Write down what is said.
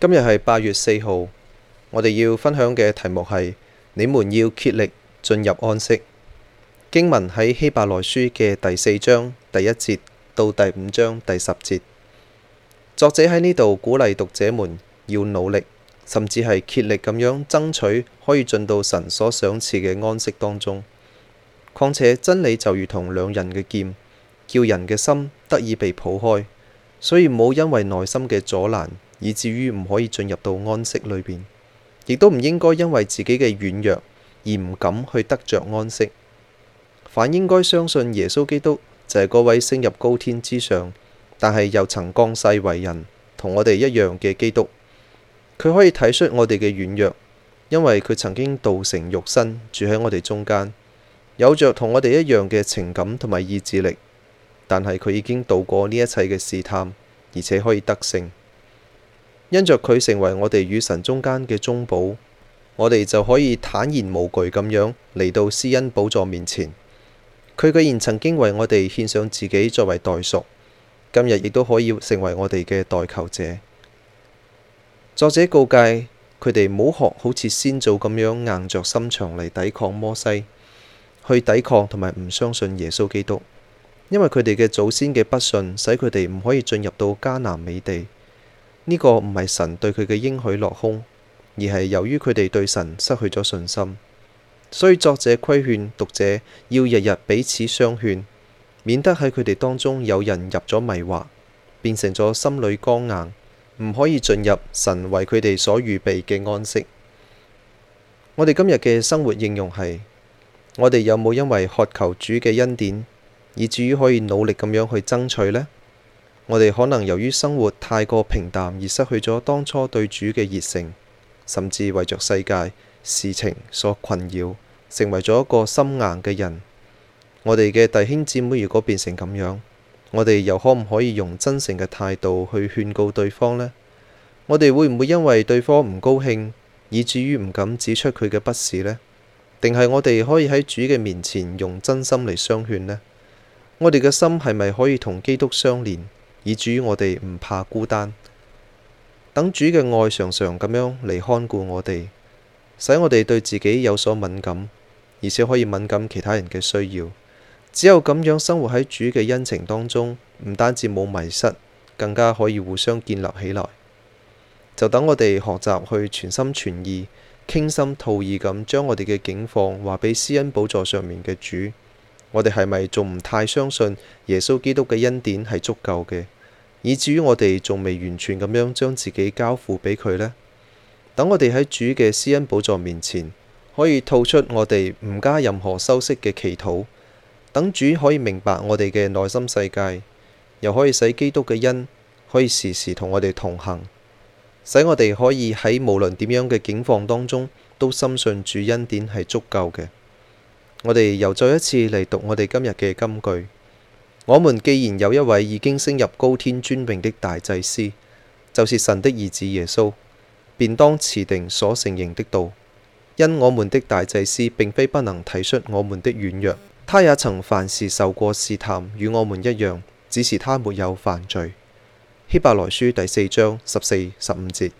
今日係八月四號，我哋要分享嘅題目係：你們要竭力進入安息。經文喺希伯來書嘅第四章第一節到第五章第十節，作者喺呢度鼓勵讀者們要努力，甚至係竭力咁樣爭取，可以進到神所賞賜嘅安息當中。況且真理就如同兩刃嘅劍，叫人嘅心得以被抱開，所以唔好因為內心嘅阻攔。以至於唔可以進入到安息裏邊，亦都唔應該因為自己嘅軟弱而唔敢去得着安息，反應該相信耶穌基督就係嗰位升入高天之上，但係又曾降世為人，同我哋一樣嘅基督。佢可以睇出我哋嘅軟弱，因為佢曾經道成肉身住喺我哋中間，有着同我哋一樣嘅情感同埋意志力。但係佢已經度過呢一切嘅試探，而且可以得勝。因着佢成為我哋與神中間嘅中保，我哋就可以坦然無懼咁樣嚟到施恩寶座面前。佢居然曾經為我哋獻上自己作為代贖，今日亦都可以成為我哋嘅代求者。作者告誡佢哋唔好學好似先祖咁樣硬着心腸嚟抵抗摩西，去抵抗同埋唔相信耶穌基督，因為佢哋嘅祖先嘅不信，使佢哋唔可以進入到迦南美地。呢個唔係神對佢嘅應許落空，而係由於佢哋對神失去咗信心，所以作者規勸讀者要日日彼此相勸，免得喺佢哋當中有人入咗迷惑，變成咗心裏剛硬，唔可以進入神為佢哋所預備嘅安息。我哋今日嘅生活應用係，我哋有冇因為渴求主嘅恩典，以至於可以努力咁樣去爭取呢？我哋可能由於生活太過平淡而失去咗當初對主嘅熱誠，甚至為着世界事情所困擾，成為咗一個心硬嘅人。我哋嘅弟兄姊妹如果變成咁樣，我哋又可唔可以用真誠嘅態度去勸告對方呢？我哋會唔會因為對方唔高興，以至於唔敢指出佢嘅不是呢？定係我哋可以喺主嘅面前用真心嚟相勸呢？我哋嘅心係咪可以同基督相連？以主我哋唔怕孤單，等主嘅愛常常咁樣嚟看顧我哋，使我哋對自己有所敏感，而且可以敏感其他人嘅需要。只有咁樣生活喺主嘅恩情當中，唔單止冇迷失，更加可以互相建立起來。就等我哋學習去全心全意，傾心吐意咁將我哋嘅境況話俾施恩寶座上面嘅主。我哋係咪仲唔太相信耶穌基督嘅恩典係足夠嘅？以至於我哋仲未完全咁樣將自己交付俾佢呢。等我哋喺主嘅施恩寶座面前，可以吐出我哋唔加任何修飾嘅祈禱，等主可以明白我哋嘅內心世界，又可以使基督嘅恩可以時時同我哋同行，使我哋可以喺無論點樣嘅境況當中，都深信主恩典係足夠嘅。我哋又再一次嚟讀我哋今日嘅金句。我們既然有一位已經升入高天尊榮的大祭司，就是神的兒子耶穌，便當持定所承認的道。因我們的大祭司並非不能體恤我們的軟弱，他也曾凡事受過試探，與我們一樣，只是他沒有犯罪。希伯來書第四章十四、十五節。